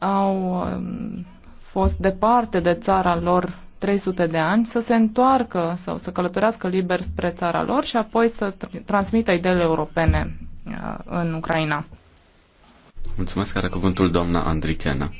au um, fost departe de țara lor 300 de ani, să se întoarcă sau să călătorească liber spre țara lor și apoi să transmită ideile europene uh, în Ucraina. Mulțumesc, are cuvântul doamna Andrichena.